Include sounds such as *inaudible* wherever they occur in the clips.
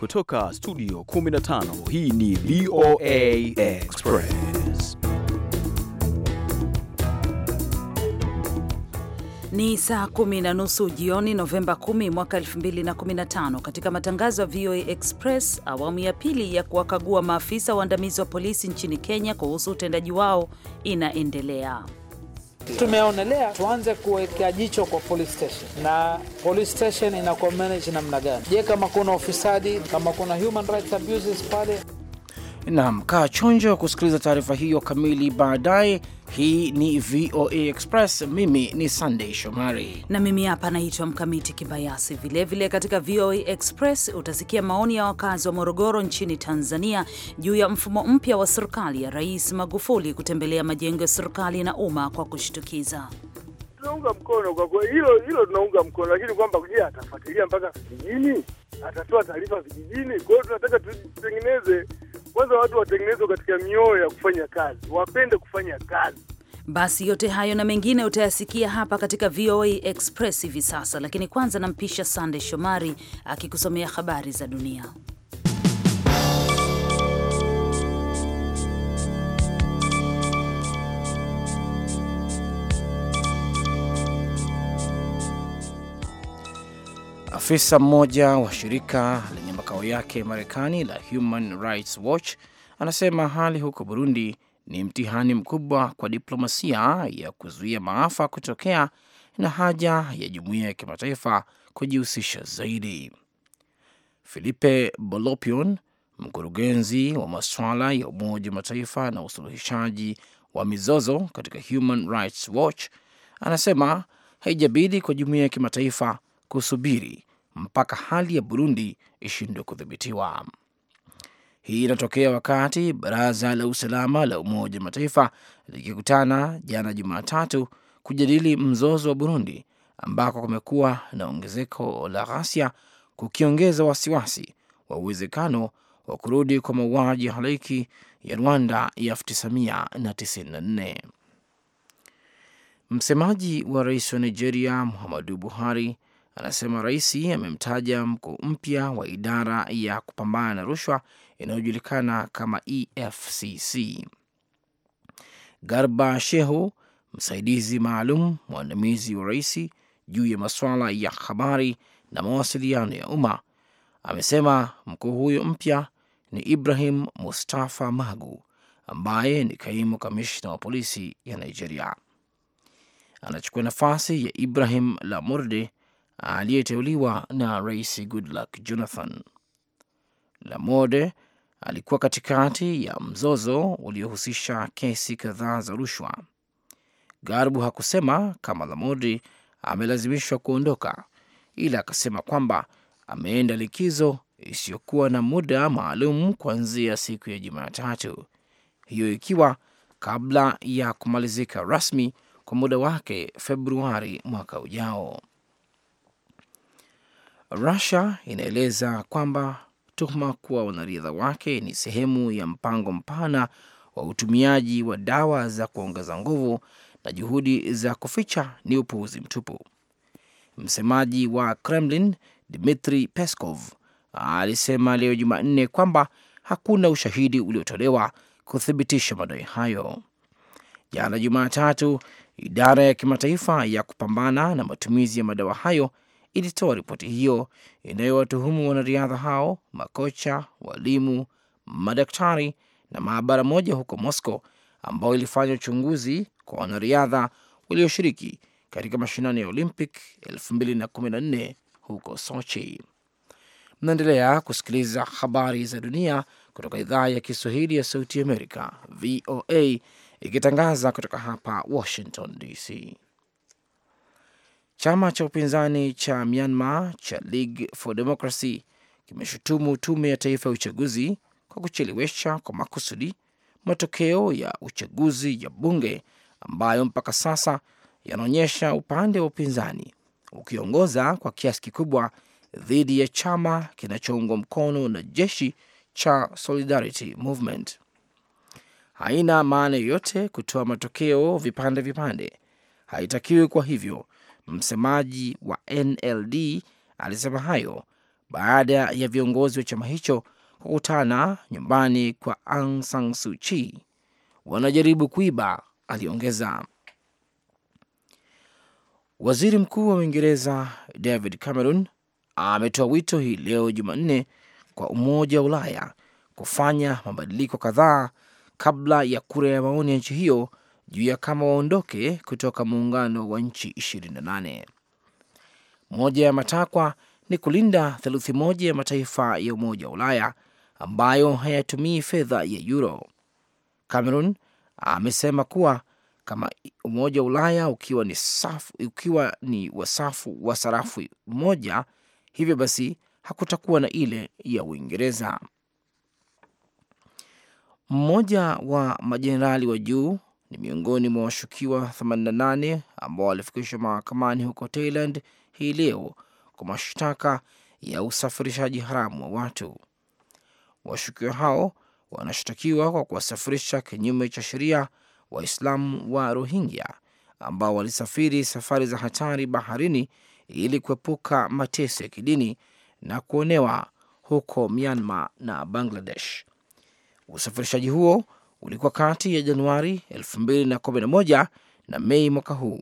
Kutoka studio 15 hii ni VOA Express. Ni saa kumi na nusu jioni Novemba 10 mwaka 2015. Katika matangazo ya VOA Express, awamu ya pili ya kuwakagua maafisa waandamizi wa polisi nchini Kenya kuhusu utendaji wao inaendelea. Tumeonelea tuanze kuwekea jicho kwa police station na police station inakuwa manage namna gani? Je, kama kuna ufisadi, kama kuna human rights abuses pale Naam, kaa chonjo kusikiliza taarifa hiyo kamili baadaye. Hii ni VOA Express. Mimi ni sandey Shomari na mimi hapa naitwa Mkamiti Kibayasi. Vilevile katika VOA Express utasikia maoni ya wakazi wa Morogoro nchini Tanzania juu ya mfumo mpya wa serikali ya Rais Magufuli kutembelea majengo ya serikali na umma kwa kushtukiza. Tunaunga mkono kwa kwa hilo hilo, tunaunga mkono lakini kwamba je, atafuatilia mpaka vijijini? Atatoa taarifa vijijini? Kwa hiyo tunataka tutengeneze kwanza watu watengenezwe katika mioyo ya kufanya kazi, wapende kufanya kazi. Basi yote hayo na mengine utayasikia hapa katika VOA Express hivi sasa, lakini kwanza nampisha Sande Shomari akikusomea habari za dunia. Afisa mmoja wa shirika makao yake Marekani la Human Rights Watch anasema hali huko Burundi ni mtihani mkubwa kwa diplomasia ya kuzuia maafa kutokea na haja ya jumuiya ya kimataifa kujihusisha zaidi. Filipe Bolopion, mkurugenzi wa masuala ya Umoja wa Mataifa na usuluhishaji wa mizozo katika Human Rights Watch, anasema haijabidi kwa jumuiya ya kimataifa kusubiri mpaka hali ya Burundi ishindwe kudhibitiwa. Hii inatokea wakati baraza la usalama la Umoja wa Mataifa likikutana jana Jumatatu kujadili mzozo wa Burundi ambako kumekuwa na ongezeko la ghasia, kukiongeza wasiwasi wa uwezekano wa kurudi kwa mauaji ya halaiki ya Rwanda ya 1994. Msemaji wa rais wa Nigeria Muhammadu Buhari anasema rais amemtaja mkuu mpya wa idara ya kupambana na rushwa inayojulikana kama EFCC. Garba Shehu, msaidizi maalum mwandamizi wa rais juu ya masuala ya habari na mawasiliano ya umma, amesema mkuu huyo mpya ni Ibrahim Mustafa Magu ambaye ni kaimu kamishna wa polisi ya Nigeria. Anachukua nafasi ya Ibrahim Lamurde aliyeteuliwa na Rais Goodluck Jonathan. Lamode alikuwa katikati ya mzozo uliohusisha kesi kadhaa za rushwa. Garbu hakusema kama Lamorde amelazimishwa kuondoka, ila akasema kwamba ameenda likizo isiyokuwa na muda maalum kuanzia siku ya Jumatatu, hiyo ikiwa kabla ya kumalizika rasmi kwa muda wake Februari mwaka ujao. Rusia inaeleza kwamba tuhuma kuwa wanariadha wake ni sehemu ya mpango mpana wa utumiaji wa dawa za kuongeza nguvu na juhudi za kuficha ni upuuzi mtupu. Msemaji wa Kremlin Dmitri Peskov alisema leo Jumanne kwamba hakuna ushahidi uliotolewa kuthibitisha madai hayo. Jana Jumatatu, idara ya kimataifa ya kupambana na matumizi ya madawa hayo ilitoa ripoti hiyo inayowatuhumu wanariadha hao, makocha, walimu, madaktari na maabara moja huko Moscow ambao ilifanya uchunguzi kwa wanariadha walioshiriki katika mashindano ya Olympic 2014 huko Sochi. Mnaendelea kusikiliza habari za dunia kutoka idhaa ya Kiswahili ya Sauti Amerika, VOA, ikitangaza kutoka hapa Washington DC. Chama cha upinzani cha Myanmar cha League for Democracy kimeshutumu tume ya taifa ya uchaguzi kwa kuchelewesha kwa makusudi matokeo ya uchaguzi ya bunge ambayo mpaka sasa yanaonyesha upande wa upinzani ukiongoza kwa kiasi kikubwa dhidi ya chama kinachoungwa mkono na jeshi cha Solidarity Movement. Haina maana yoyote kutoa matokeo vipande vipande, haitakiwi. Kwa hivyo Msemaji wa NLD alisema hayo baada ya viongozi wa chama hicho kukutana nyumbani kwa Aung San Suu Kyi. Wanajaribu kuiba, aliongeza. Waziri Mkuu wa Uingereza David Cameron ametoa wito hii leo Jumanne kwa Umoja wa Ulaya kufanya mabadiliko kadhaa kabla ya kura ya maoni ya nchi hiyo juu ya kama waondoke kutoka muungano wa nchi 28. Moja ya matakwa ni kulinda theluthi moja ya mataifa ya Umoja wa Ulaya ambayo hayatumii fedha ya euro. Cameron amesema kuwa kama Umoja wa Ulaya ukiwa ni safu, ukiwa ni wasafu wa sarafu moja, hivyo basi hakutakuwa na ile ya Uingereza. Mmoja wa majenerali wa juu ni miongoni mwa washukiwa 88 ambao walifikishwa mahakamani huko Thailand hii leo kwa mashtaka ya usafirishaji haramu wa watu. Washukiwa hao wanashtakiwa kwa kuwasafirisha kinyume cha sheria Waislamu wa Rohingya ambao walisafiri safari za hatari baharini ili kuepuka mateso ya kidini na kuonewa huko Myanmar na Bangladesh. Usafirishaji huo ulikuwa kati ya Januari 2011 na, Mei mwaka huu.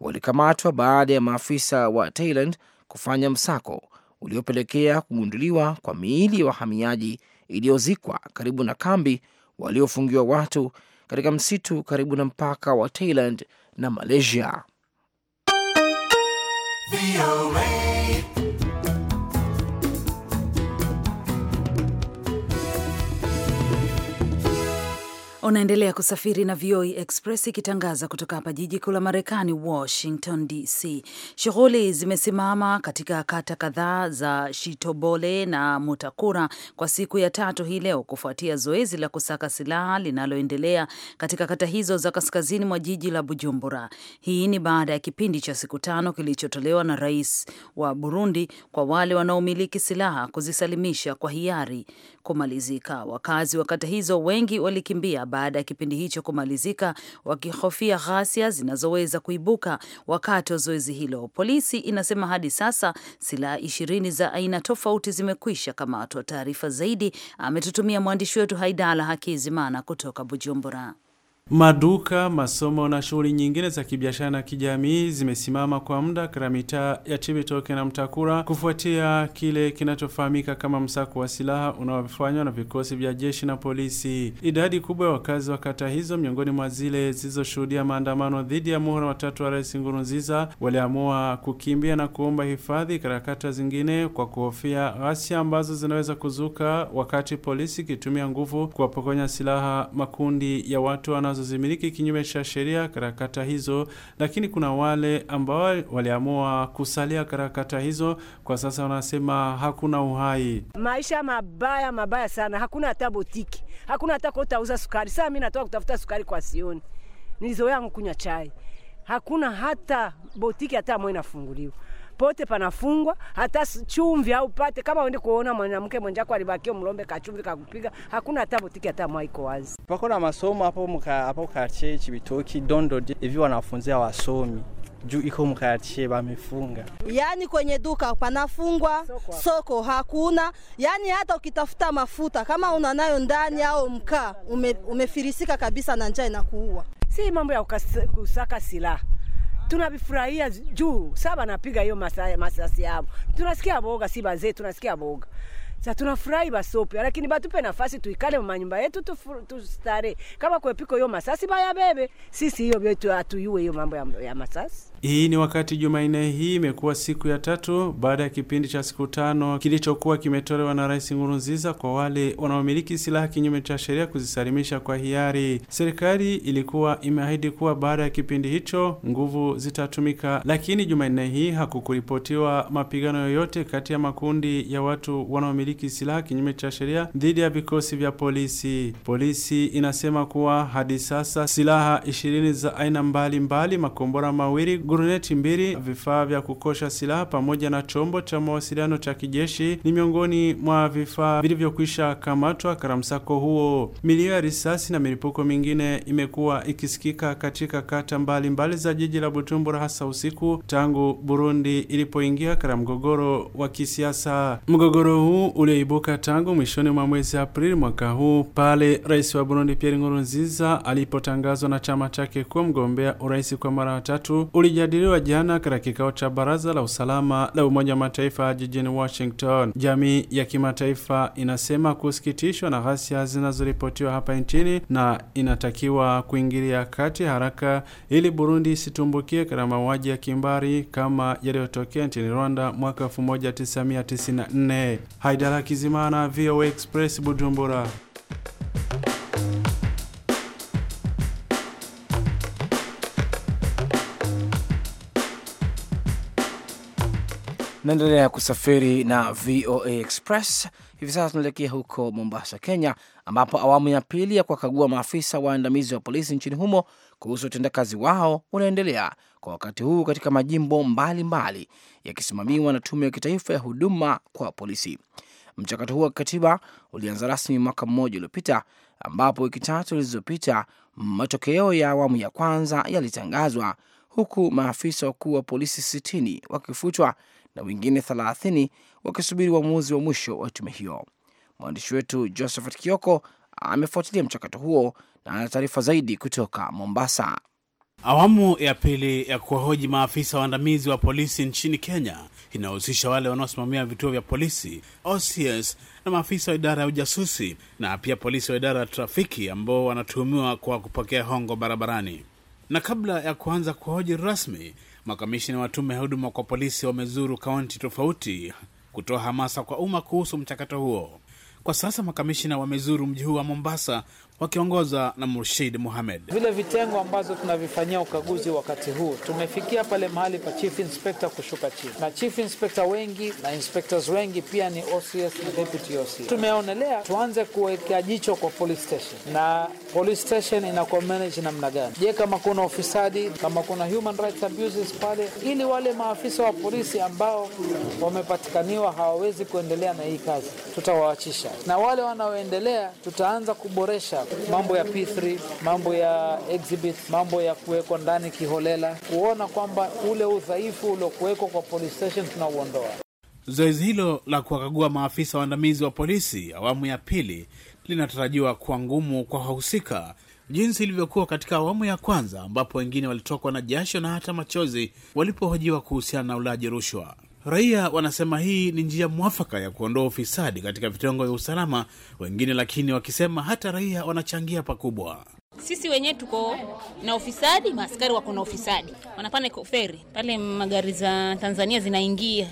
Walikamatwa baada ya maafisa wa Thailand kufanya msako uliopelekea kugunduliwa kwa miili ya wahamiaji iliyozikwa karibu na kambi waliofungiwa watu katika msitu karibu na mpaka wa Thailand na Malaysia. Unaendelea kusafiri na VOA e Express ikitangaza kutoka hapa jiji kuu la Marekani, Washington DC. Shughuli zimesimama katika kata kadhaa za Shitobole na Mutakura kwa siku ya tatu hii leo kufuatia zoezi la kusaka silaha linaloendelea katika kata hizo za kaskazini mwa jiji la Bujumbura. Hii ni baada ya kipindi cha siku tano kilichotolewa na rais wa Burundi kwa wale wanaomiliki silaha kuzisalimisha kwa hiari kumalizika. Wakazi wa kata hizo wengi walikimbia baada ya kipindi hicho kumalizika, wakihofia ghasia zinazoweza kuibuka wakati wa zoezi hilo. Polisi inasema hadi sasa silaha ishirini za aina tofauti zimekwisha kamatwa. Taarifa zaidi ametutumia mwandishi wetu Haidala Hakizimana kutoka Bujumbura. Maduka, masomo na shughuli nyingine za kibiashara na kijamii zimesimama kwa muda katika mitaa ya Chibitoke na Mtakura kufuatia kile kinachofahamika kama msako wa silaha unaofanywa na vikosi vya jeshi na polisi. Idadi kubwa ya wakazi wa kata hizo, miongoni mwa zile zilizoshuhudia maandamano dhidi ya muhula watatu wa Rais Nkurunziza, waliamua kukimbia na kuomba hifadhi katika kata zingine kwa kuhofia ghasia ambazo zinaweza kuzuka wakati polisi ikitumia nguvu kuwapokonya silaha makundi ya watu wanazo zinazozimiliki kinyume cha sheria karakata hizo, lakini kuna wale ambao waliamua kusalia karakata hizo. Kwa sasa wanasema hakuna uhai, maisha mabaya mabaya sana, hakuna hata botiki, hakuna hata kutauza sukari. Saa mi natoka kutafuta sukari kwa sioni, nilizoea kunywa chai, hakuna hata botiki hata moja inafunguliwa pote panafungwa, hata chumvi haupate. Kama uende kuona mwanamke mwenjako alibakia mlombe kachumvi kakupiga, hakuna hata butiki hata iko wazi. Pako na masomo hapo mka hapo kache Chibitoki dondo hivi wanafunzia wasomi juu iko mkartie bamefunga, yani kwenye duka panafungwa, soko, soko hakuna. Yani hata ukitafuta mafuta kama una nayo ndani au mkaa ume, umefirisika kabisa na njaa inakuua. Si mambo ya kusaka silaha tunavifurahia juu saba napiga hiyo masasi yao. Tunasikia boga, si bazee, tunasikia boga sa tunafurahi basopi, lakini batupe nafasi tuikale manyumba yetu tustare. Kama kwepiko hiyo masasi bayabebe, sisi hiyo vyetu hatuyue hiyo mambo ya, ya masasi hii ni wakati Jumanne hii imekuwa siku ya tatu baada ya kipindi cha siku tano kilichokuwa kimetolewa na Rais Nkurunziza kwa wale wanaomiliki silaha kinyume cha sheria kuzisalimisha kwa hiari. Serikali ilikuwa imeahidi kuwa baada ya kipindi hicho nguvu zitatumika, lakini Jumanne hii hakukuripotiwa mapigano yoyote kati ya makundi ya watu wanaomiliki silaha kinyume cha sheria dhidi ya vikosi vya polisi. Polisi inasema kuwa hadi sasa silaha ishirini za aina mbalimbali, makombora mawili guruneti mbili, vifaa vya kukosha silaha pamoja na chombo cha mawasiliano cha kijeshi ni miongoni mwa vifaa vilivyokwisha kamatwa katika msako huo. Milio ya risasi na milipuko mingine imekuwa ikisikika katika kata mbalimbali mbali za jiji la butumbura hasa usiku, tangu Burundi ilipoingia katika mgogoro wa kisiasa. Mgogoro huu ulioibuka tangu mwishoni mwa mwezi Aprili mwaka huu pale rais wa Burundi Pierre Nkurunziza alipotangazwa na chama chake kuwa mgombea urais kwa mara ya tatu ulija yalijadiliwa jana katika kikao cha Baraza la Usalama la Umoja wa Mataifa jijini Washington. Jamii ya kimataifa inasema kusikitishwa na ghasia zinazoripotiwa hapa nchini na inatakiwa kuingilia kati haraka ili Burundi isitumbukie katika mauaji ya kimbari kama yaliyotokea nchini Rwanda mwaka 1994. Haidara Kizimana, VOA Express, Bujumbura. naendelea kusafiri na VOA Express. Hivi sasa tunaelekea huko Mombasa, Kenya, ambapo awamu ya pili ya kuwakagua maafisa waandamizi wa polisi nchini humo kuhusu utendakazi wao unaendelea kwa wakati huu katika majimbo mbalimbali yakisimamiwa na Tume ya Kitaifa ya Huduma kwa Polisi. Mchakato huu wa kikatiba ulianza rasmi mwaka mmoja uliopita, ambapo wiki tatu zilizopita matokeo ya awamu ya kwanza yalitangazwa, huku maafisa wakuu wa polisi sitini wakifutwa na wengine 30 wakisubiri uamuzi wa, wa mwisho wa tume hiyo. Mwandishi wetu Josephat Kioko amefuatilia mchakato huo na ana taarifa zaidi kutoka Mombasa. Awamu ya pili ya kuwahoji maafisa waandamizi wa polisi nchini Kenya inahusisha wale wanaosimamia vituo vya polisi OCS na maafisa wa idara ya ujasusi na pia polisi wa idara ya trafiki ambao wanatuhumiwa kwa kupokea hongo barabarani. Na kabla ya kuanza kuhoji rasmi Makamishina wa tume ya huduma kwa polisi wamezuru kaunti tofauti kutoa hamasa kwa umma kuhusu mchakato huo. Kwa sasa makamishina wamezuru mji huu wa Mombasa wakiongoza na Murshid Muhamed. Vile vitengo ambazo tunavifanyia ukaguzi wakati huu, tumefikia pale mahali pa chief inspector kushuka chini, na chief inspector wengi na inspectors wengi pia ni OCS na deputy OCS. Tumeonelea tuanze kuwekea jicho kwa police station na police station inakuwa manage namna gani. Je, kama kuna ufisadi, kama kuna human rights abuses pale, ili wale maafisa wa polisi ambao wamepatikaniwa hawawezi kuendelea na hii kazi, tutawaachisha na wale wanaoendelea, tutaanza kuboresha mambo ya P3, mambo ya exhibit, mambo ya kuwekwa ndani kiholela, kuona kwamba ule udhaifu uliokuwekwa kwa police station tunauondoa. Zoezi hilo la kuwakagua maafisa waandamizi wa polisi awamu ya pili linatarajiwa kuwa ngumu kwa wahusika jinsi ilivyokuwa katika awamu ya kwanza ambapo wengine walitokwa na jasho na hata machozi walipohojiwa kuhusiana na ulaji rushwa. Raia wanasema hii ni njia mwafaka ya kuondoa ufisadi katika vitengo vya usalama, wengine lakini wakisema hata raia wanachangia pakubwa. Sisi wenyewe tuko na ufisadi, maaskari wako na ufisadi, wanapana feri pale, magari za Tanzania zinaingia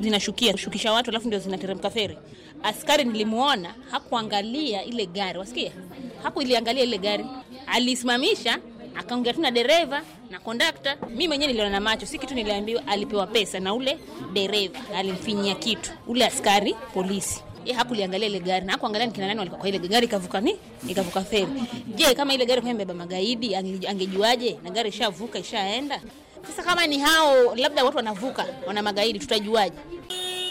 zinashukia, zina shukisha watu, alafu ndio zinateremka feri. Askari nilimuona hakuangalia ile gari, wasikia hakuiliangalia ile gari, alisimamisha akaongea tu na dereva na kondakta. Mimi mwenyewe niliona na macho, si kitu niliambiwa. Alipewa pesa na ule dereva alimfinyia kitu ule askari polisi Ye hakuliangalia ile gari na hakuangalia ni kina nani walikuwa kwa ile gari, ikavuka ni ikavuka feri. Je, kama ile gari kwa mbeba magaidi angejuaje? Na gari ishavuka ishaenda. Sasa kama ni hao labda watu wanavuka wana magaidi, tutajuaje?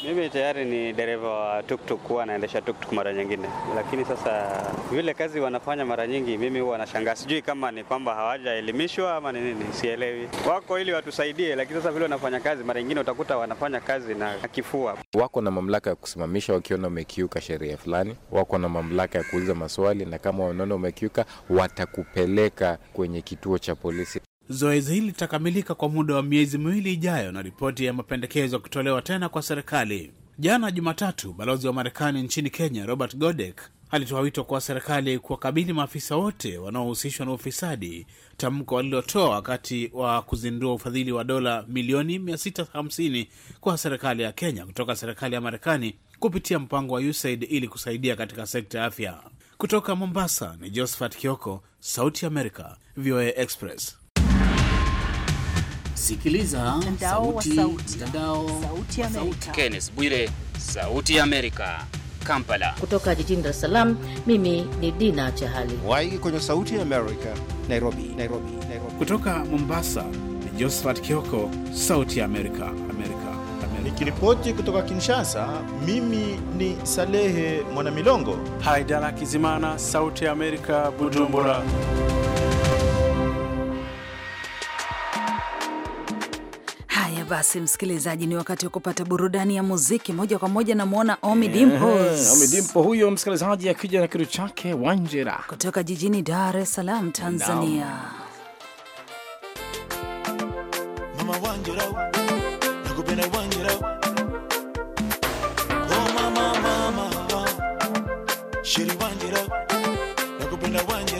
Mimi tayari ni dereva wa tuktuk, huwa naendesha tuktuk mara nyingine, lakini sasa vile kazi wanafanya mara nyingi, mimi huwa nashangaa, sijui kama ni kwamba hawajaelimishwa ama ni nini, sielewi. Wako ili watusaidie, lakini sasa vile wanafanya kazi, mara nyingine utakuta wanafanya kazi na kifua. Wako na mamlaka ya kusimamisha wakiona umekiuka sheria fulani, wako na mamlaka ya kuuliza maswali, na kama wanaona umekiuka watakupeleka kwenye kituo cha polisi. Zoezi hili litakamilika kwa muda wa miezi miwili ijayo na ripoti ya mapendekezo kutolewa tena kwa serikali. Jana Jumatatu, balozi wa Marekani nchini Kenya Robert Godek alitoa wito kwa serikali kuwakabili maafisa wote wanaohusishwa na ufisadi, tamko walilotoa wakati wa kuzindua ufadhili wa dola milioni 650 kwa serikali ya Kenya kutoka serikali ya Marekani kupitia mpango wa USAID ili kusaidia katika sekta ya afya. Kutoka Mombasa ni Josephat Kioko, Sauti america VOA Express. Sikiliza mtandao sauti, wa sauti. Mtandao sauti Amerika. Kenneth Bwire, Sauti ya Amerika. Kampala. Kutoka jijini Dar es Salaam, mimi ni Dina Chahali. Waiki kwenye Sauti ya Amerika, Nairobi, Nairobi, Nairobi. Kutoka Mombasa ni Josephat Kioko, Sauti ya Amerika, Amerika. Nikiripoti kutoka Kinshasa, mimi ni Salehe Mwanamilongo. Haidara Kizimana, Sauti ya Amerika, Bujumbura. Haya eh, basi, msikilizaji, ni wakati wa kupata burudani ya muziki moja kwa moja. Namwona Omi eh, Dimpos. Omi huyo msikilizaji, akija na kitu chake Wanjera kutoka jijini Dar es Salaam, Tanzania. Mama mama, Wanjera, nakupenda Wanjera. Oh,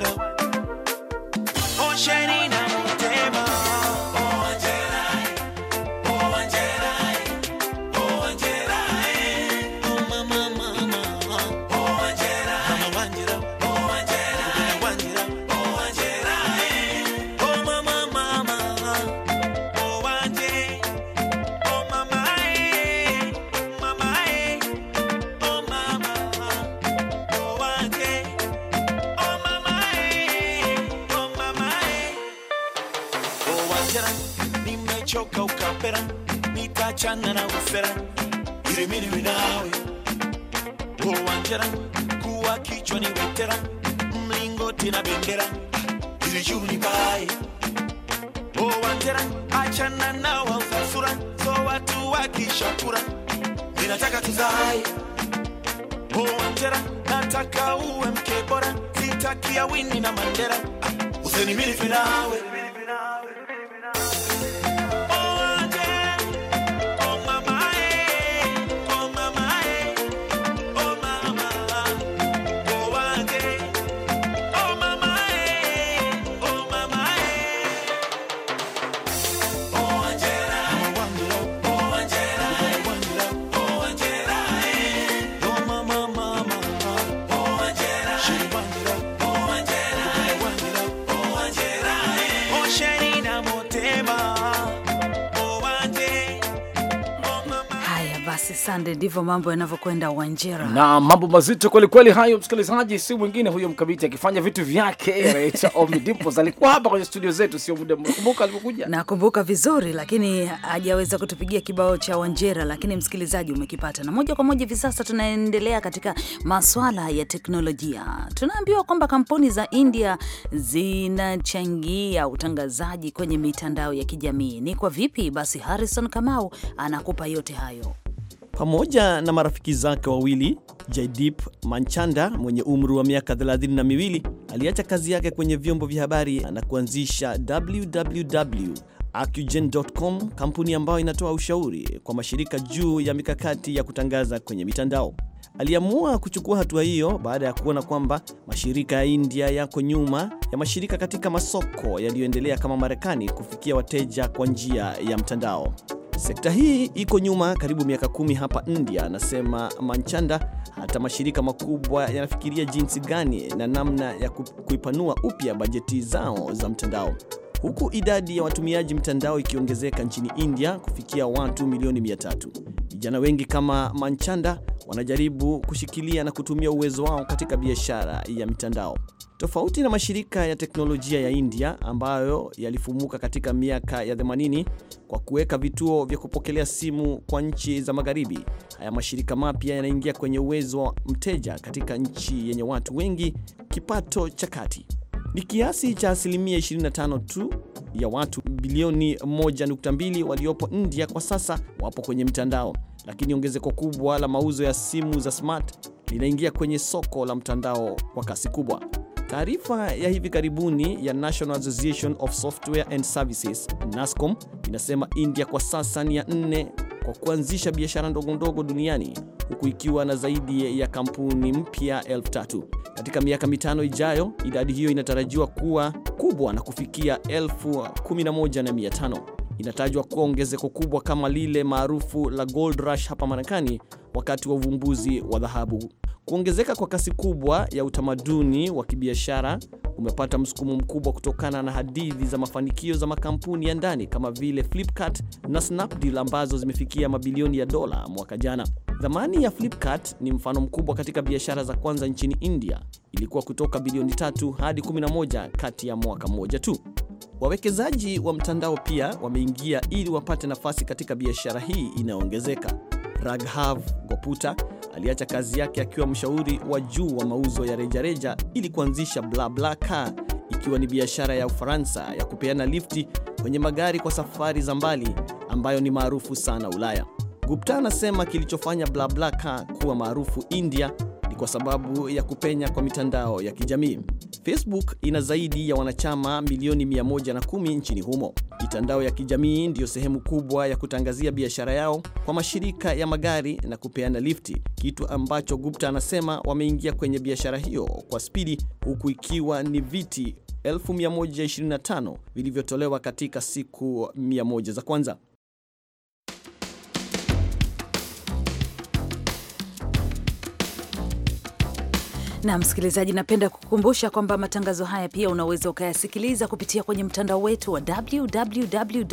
choka ukapera nitachana na ufera irimiriwi nawe owanjera kuwa kichwa ni wetera mlingoti na bendera ili juu ni achana na wafasura so watu wakishakura ninataka tuzae owanjera nataka uwe mke sitakia wini na mandera usenimirifi nawe Sande, ndivyo mambo yanavyokwenda Wanjera, na mambo mazito kwelikweli hayo. Msikilizaji, si mwingine huyo Mkabiti akifanya vitu vyake Rita *laughs* Omidipos alikuwa hapa kwenye studio zetu sio muda mkumbuka, alipokuja nakumbuka vizuri, lakini hajaweza kutupigia kibao cha Wanjera, lakini msikilizaji umekipata. Na moja kwa moja hivi sasa tunaendelea katika maswala ya teknolojia. Tunaambiwa kwamba kampuni za India zinachangia utangazaji kwenye mitandao ya kijamii. Ni kwa vipi? Basi Harrison Kamau anakupa yote hayo pamoja na marafiki zake wawili Jaideep Manchanda mwenye umri wa miaka 32 aliacha kazi yake kwenye vyombo vya habari na kuanzisha www Acugen.com, kampuni ambayo inatoa ushauri kwa mashirika juu ya mikakati ya kutangaza kwenye mitandao. Aliamua kuchukua hatua hiyo baada ya kuona kwamba mashirika ya India yako nyuma ya mashirika katika masoko yaliyoendelea kama Marekani kufikia wateja kwa njia ya mtandao. Sekta hii iko nyuma karibu miaka kumi hapa India, anasema Manchanda. Hata mashirika makubwa yanafikiria jinsi gani na namna ya kuipanua upya bajeti zao za mtandao, huku idadi ya watumiaji mtandao ikiongezeka nchini India kufikia watu milioni mia tatu. Vijana wengi kama Manchanda wanajaribu kushikilia na kutumia uwezo wao katika biashara ya mitandao. Tofauti na mashirika ya teknolojia ya India ambayo yalifumuka katika miaka ya 80 kwa kuweka vituo vya kupokelea simu kwa nchi za magharibi, haya mashirika mapya yanaingia kwenye uwezo wa mteja katika nchi yenye watu wengi. Kipato cha kati ni kiasi cha asilimia 25 tu ya watu bilioni 1.2 waliopo India kwa sasa wapo kwenye mtandao, lakini ongezeko kubwa la mauzo ya simu za smart linaingia kwenye soko la mtandao kwa kasi kubwa. Taarifa ya hivi karibuni ya National Association of Software and Services NASCOM inasema India kwa sasa ni ya nne kwa kuanzisha biashara ndogo ndogo duniani huku ikiwa na zaidi ya kampuni mpya elfu tatu. Katika miaka mitano ijayo, idadi hiyo inatarajiwa kuwa kubwa na kufikia elfu kumi na moja na mia tano. Inatajwa kuwa ongezeko kubwa kama lile maarufu la Gold Rush hapa Marekani wakati wa uvumbuzi wa dhahabu. Kuongezeka kwa kasi kubwa ya utamaduni wa kibiashara umepata msukumo mkubwa kutokana na hadithi za mafanikio za makampuni ya ndani kama vile Flipkart na Snapdeal ambazo zimefikia mabilioni ya dola mwaka jana. Thamani ya Flipkart ni mfano mkubwa katika biashara za kwanza nchini India, ilikuwa kutoka bilioni tatu hadi 11 kati ya mwaka mmoja tu. Wawekezaji wa mtandao pia wameingia ili wapate nafasi katika biashara hii inayoongezeka. Raghav Goputa aliacha kazi yake akiwa mshauri wa juu wa mauzo ya rejareja ili kuanzisha BlaBlaCar, ikiwa ni biashara ya Ufaransa ya kupeana lifti kwenye magari kwa safari za mbali ambayo ni maarufu sana Ulaya. Gupta anasema kilichofanya BlaBlaCar kuwa maarufu India kwa sababu ya kupenya kwa mitandao ya kijamii. Facebook ina zaidi ya wanachama milioni 110 nchini humo. Mitandao ya kijamii ndiyo sehemu kubwa ya kutangazia biashara yao kwa mashirika ya magari na kupeana lifti, kitu ambacho Gupta anasema wameingia kwenye biashara hiyo kwa spidi, huku ikiwa ni viti 1125 vilivyotolewa katika siku 100 za kwanza. Na msikilizaji, napenda kukumbusha kwamba matangazo haya pia unaweza ukayasikiliza kupitia kwenye mtandao wetu wa www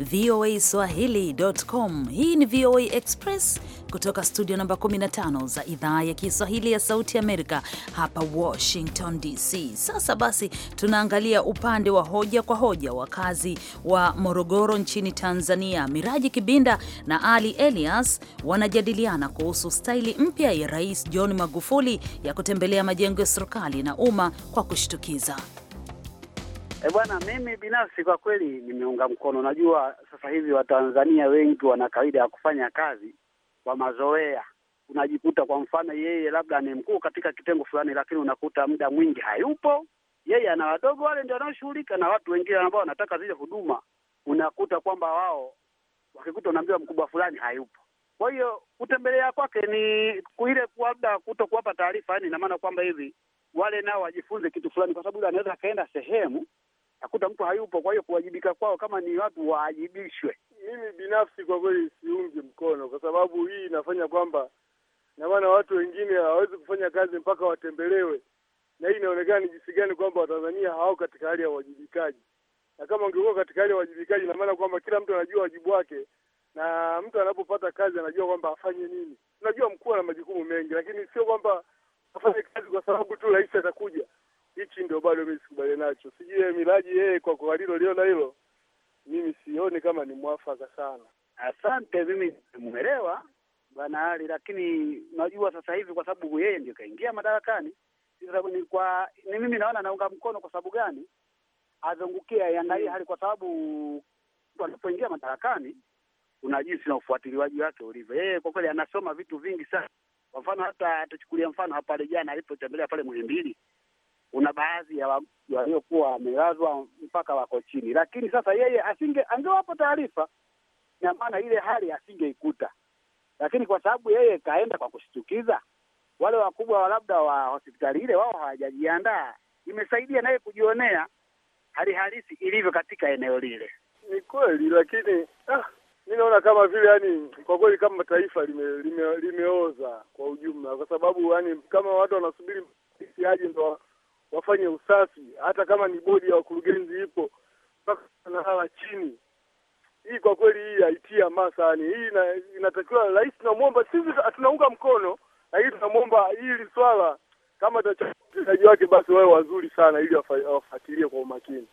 voa swahili.com. Hii ni VOA Express kutoka studio namba 15 za idhaa ya Kiswahili ya Sauti Amerika hapa Washington DC. Sasa basi, tunaangalia upande wa hoja kwa hoja. Wakazi wa Morogoro nchini Tanzania, Miraji Kibinda na Ali Elias wanajadiliana kuhusu staili mpya ya Rais John Magufuli ya kutembea kutembelea majengo ya serikali na umma kwa kushtukiza. E bwana, mimi binafsi kwa kweli nimeunga mkono. Najua sasa hivi Watanzania wengi wana kawaida ya kufanya kazi kwa mazoea. Unajikuta kwa mfano, yeye labda ni mkuu katika kitengo fulani, lakini unakuta muda mwingi hayupo yeye, ana wadogo wale ndio wanaoshughulika na watu wengine ambao wanataka zile huduma. Unakuta kwamba wao wakikuta, unaambiwa mkubwa fulani hayupo, kwa hiyo kutembelea kwake ni ile labda kuto kuwapa taarifa, yani ina maana kwamba hivi wale nao wajifunze kitu fulani, kwa sababu anaweza akaenda sehemu akuta mtu hayupo. Kwa hiyo kuwajibika kwao kama ni watu waajibishwe. Mimi binafsi kwa kweli siungi mkono, kwa sababu hii inafanya kwamba na maana watu wengine hawawezi kufanya kazi mpaka watembelewe, na hii inaonekana ni jinsi gani kwamba Watanzania hawako katika hali ya uwajibikaji, na kama wangekuwa katika hali ya uwajibikaji, na maana kwamba kila mtu anajua wajibu wake, na mtu anapopata kazi anajua kwamba afanye nini. Unajua mkuu ana majukumu mengi, lakini sio kwamba afanye kazi kwa sababu tu rais atakuja. Hichi ndio bado mimi sikubali nacho, sijui Miraji yeye kwa kwa aliloliona hilo, mimi sioni kama ni mwafaka sana. Asante, mimi simuelewa Bwana Ali, lakini najua sasa hivi kwa sababu yeye ndio kaingia madarakani ni kwa ni mimi naona naunga mkono. Kwa sababu gani? azungukia aiangalie mm. hali, kwa sababu anapoingia madarakani kuna jinsi na ufuatiliwaji wake ulivyo. Yeye kwa kweli anasoma vitu vingi sana. Kwa mfano hata tuchukulia mfano hapa pale jana alipotembelea pale Muhimbili, kuna baadhi ya waliokuwa wamelazwa mpaka wako chini, lakini sasa yeye asinge angewapo taarifa, na maana ile hali asingeikuta, lakini kwa sababu yeye kaenda kwa kushtukiza, wale wakubwa labda wa hospitali ile wao hawajajiandaa, imesaidia naye kujionea hali halisi ilivyo katika eneo lile. Ni kweli, lakini ah mi naona kama vile yani, kwa kweli kama taifa lime, lime, limeoza kwa ujumla, kwa sababu yani kama watu wanasubiri aje ndo wafanye usafi, hata kama ni bodi ya wakurugenzi ipo mpaka wanalala chini. Hii kwa kweli hii haitii hamasa yani, hii ina, inatakiwa rais, tunamwomba sisi, tunaunga mkono, lakini tunamwomba hili swala kama wachezaji wake basi wawe wazuri sana, ili wafuatilie kwa umakini,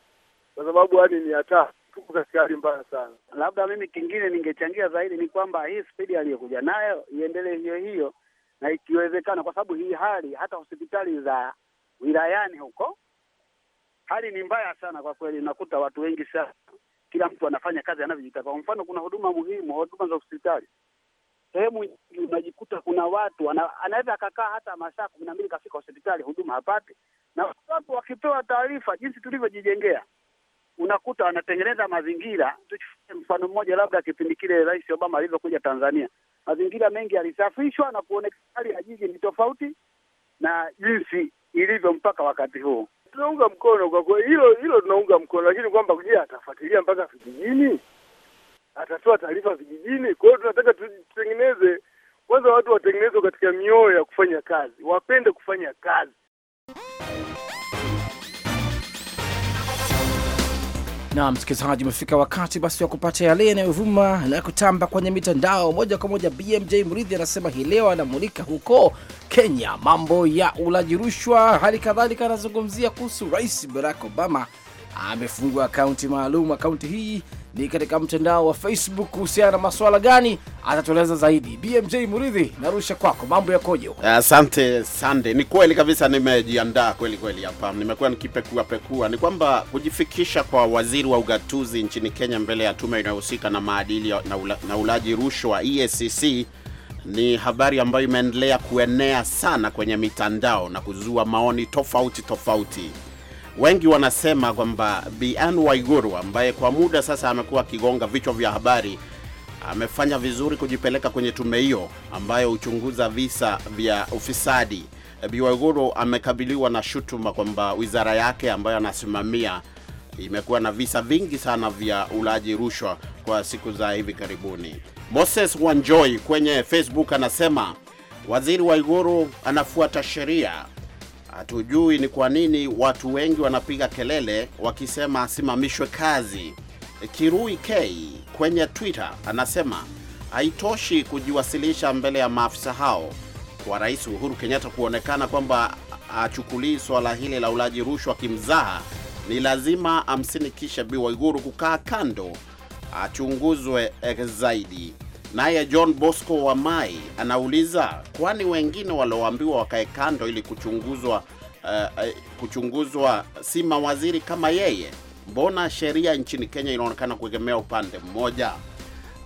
kwa sababu yani ni hatari tupo katika hali mbaya sana. Labda mimi kingine ningechangia zaidi ni kwamba hii spidi aliyokuja nayo iendelee hiyo hiyo, na ikiwezekana, kwa sababu hii hali hata hospitali za wilayani huko hali ni mbaya sana kwa kweli. Unakuta watu wengi sana, kila mtu anafanya kazi anavyojitaka. Kwa mfano, kuna huduma muhimu, huduma za hospitali sehemu nyingi unajikuta kuna watu anaweza akakaa hata masaa kumi na mbili kafika hospitali huduma hapati, na watu wakipewa taarifa jinsi tulivyojijengea unakuta anatengeneza mazingira. Tuchukue mfano mmoja, labda kipindi kile Rais Obama alivyokuja Tanzania, mazingira mengi yalisafishwa na kuonekana hali ya jiji ni tofauti na jinsi ilivyo mpaka wakati huu. Tunaunga mkono kwa kweli, hilo hilo tunaunga mkono, lakini kwamba je, atafuatilia mpaka vijijini? Atatoa taarifa vijijini? Kwa hiyo tunataka tutengeneze kwanza, watu watengenezwe katika mioyo ya kufanya kazi, wapende kufanya kazi. na msikilizaji, umefika wakati basi wa kupata yale yanayovuma na kutamba kwenye mitandao moja kwa moja. BMJ Mridhi anasema hii leo anamulika huko Kenya mambo ya ulaji rushwa, hali kadhalika anazungumzia kuhusu Rais Barack Obama amefungua akaunti maalum. Akaunti hii ni katika mtandao wa Facebook. Kuhusiana na maswala gani, atatueleza zaidi BMJ Muridhi. Narusha kwako, mambo yakoje Asante uh, sande. Ni kweli kabisa, nimejiandaa kweli kweli hapa, nimekuwa nikipekua pekua. Ni kwamba kujifikisha kwa waziri wa ugatuzi nchini Kenya mbele ya tume inayohusika na maadili na, ula, na ulaji rushwa EACC ni habari ambayo imeendelea kuenea sana kwenye mitandao na kuzua maoni tofauti tofauti wengi wanasema kwamba Bian Waiguru ambaye kwa muda sasa amekuwa akigonga vichwa vya habari amefanya vizuri kujipeleka kwenye tume hiyo ambayo huchunguza visa vya ufisadi. Bi Waiguru amekabiliwa na shutuma kwamba wizara yake ambayo anasimamia imekuwa na visa vingi sana vya ulaji rushwa kwa siku za hivi karibuni. Moses Wanjoy kwenye Facebook anasema Waziri Waiguru anafuata sheria Hatujui ni kwa nini watu wengi wanapiga kelele wakisema asimamishwe kazi. Kirui K kwenye Twitter anasema haitoshi kujiwasilisha mbele ya maafisa hao kwa Rais Uhuru Kenyatta kuonekana kwamba achukulii swala hili la ulaji rushwa kimzaha. Ni lazima amsinikishe Bi Waiguru kukaa kando achunguzwe eh, zaidi. Naye John Bosco wa mai anauliza kwani wengine walioambiwa wakae kando ili kuchunguzwa, uh, kuchunguzwa si mawaziri kama yeye? Mbona sheria nchini Kenya inaonekana kuegemea upande mmoja?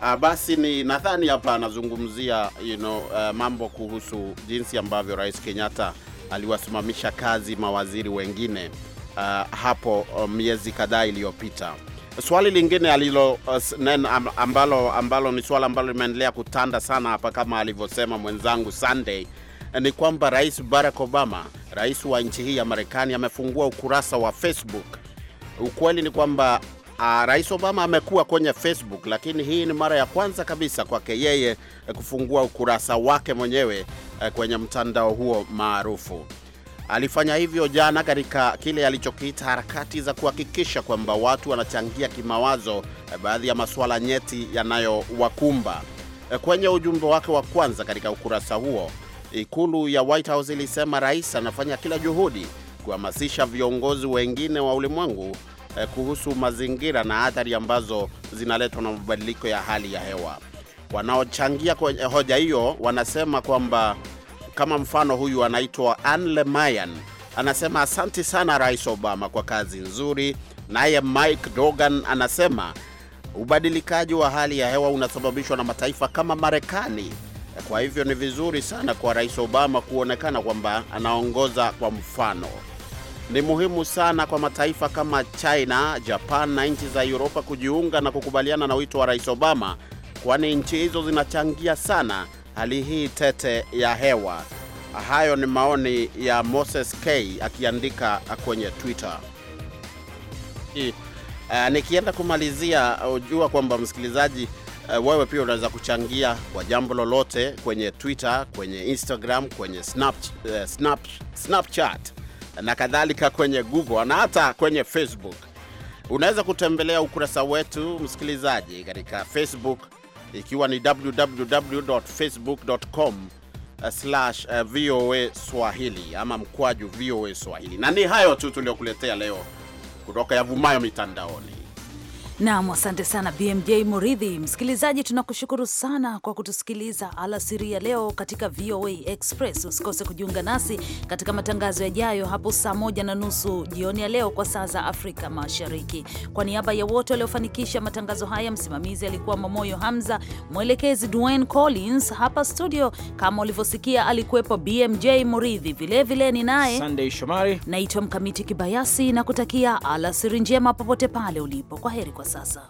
Uh, basi ni nadhani hapa anazungumzia you know, uh, mambo kuhusu jinsi ambavyo Rais Kenyatta aliwasimamisha kazi mawaziri wengine uh, hapo miezi um, kadhaa iliyopita. Swali lingine alilo uh, ambalo, ambalo ni swala ambalo limeendelea kutanda sana hapa kama alivyosema mwenzangu Sunday ni kwamba Rais Barack Obama, rais wa nchi hii ya Marekani, amefungua ukurasa wa Facebook. Ukweli ni kwamba Uh, Rais Obama amekuwa kwenye Facebook lakini hii ni mara ya kwanza kabisa kwake yeye eh, kufungua ukurasa wake mwenyewe uh, kwenye mtandao huo maarufu. Alifanya hivyo jana katika kile alichokiita harakati za kuhakikisha kwamba watu wanachangia kimawazo eh, baadhi ya masuala nyeti yanayowakumba. Eh, kwenye ujumbe wake wa kwanza katika ukurasa huo, ikulu ya White House ilisema rais anafanya kila juhudi kuhamasisha viongozi wengine wa ulimwengu eh, kuhusu mazingira na athari ambazo zinaletwa na mabadiliko ya hali ya hewa. Wanaochangia kwenye hoja hiyo wanasema kwamba kama mfano huyu anaitwa Anle Mayan anasema asanti sana Rais Obama kwa kazi nzuri. Naye Mike Dogan anasema ubadilikaji wa hali ya hewa unasababishwa na mataifa kama Marekani. Kwa hivyo ni vizuri sana kwa Rais Obama kuonekana kwamba anaongoza kwa mfano. Ni muhimu sana kwa mataifa kama China, Japan na nchi za Uropa kujiunga na kukubaliana na wito wa Rais Obama, kwani nchi hizo zinachangia sana hali hii tete ya hewa. Hayo ni maoni ya Moses K akiandika kwenye Twitter. uh, nikienda kumalizia, ujua kwamba msikilizaji, uh, wewe pia unaweza kuchangia kwa jambo lolote kwenye Twitter, kwenye Instagram, kwenye Snap, uh, eh, Snap, Snapchat na kadhalika, kwenye Google na hata kwenye Facebook. Unaweza kutembelea ukurasa wetu msikilizaji katika Facebook ikiwa ni www.facebook.com eh, slash eh, VOA Swahili ama mkwaju VOA Swahili. Na ni hayo tu tuliokuletea leo kutoka yavumayo mitandaoni. Nam, asante sana BMJ Muridhi. Msikilizaji, tunakushukuru sana kwa kutusikiliza alasiri ya leo katika VOA Express. Usikose kujiunga nasi katika matangazo yajayo hapo saa moja na nusu jioni ya leo kwa saa za Afrika Mashariki. Kwa niaba ya wote waliofanikisha matangazo haya, msimamizi alikuwa Mamoyo Hamza, mwelekezi Dwayne Collins. Hapa studio kama ulivyosikia, alikuwepo BMJ Muridhi, vilevile ni naye Sunday Shomari. Naitwa Mkamiti Kibayasi na kutakia alasiri njema popote pale ulipo. Kwa heri kwa sasa.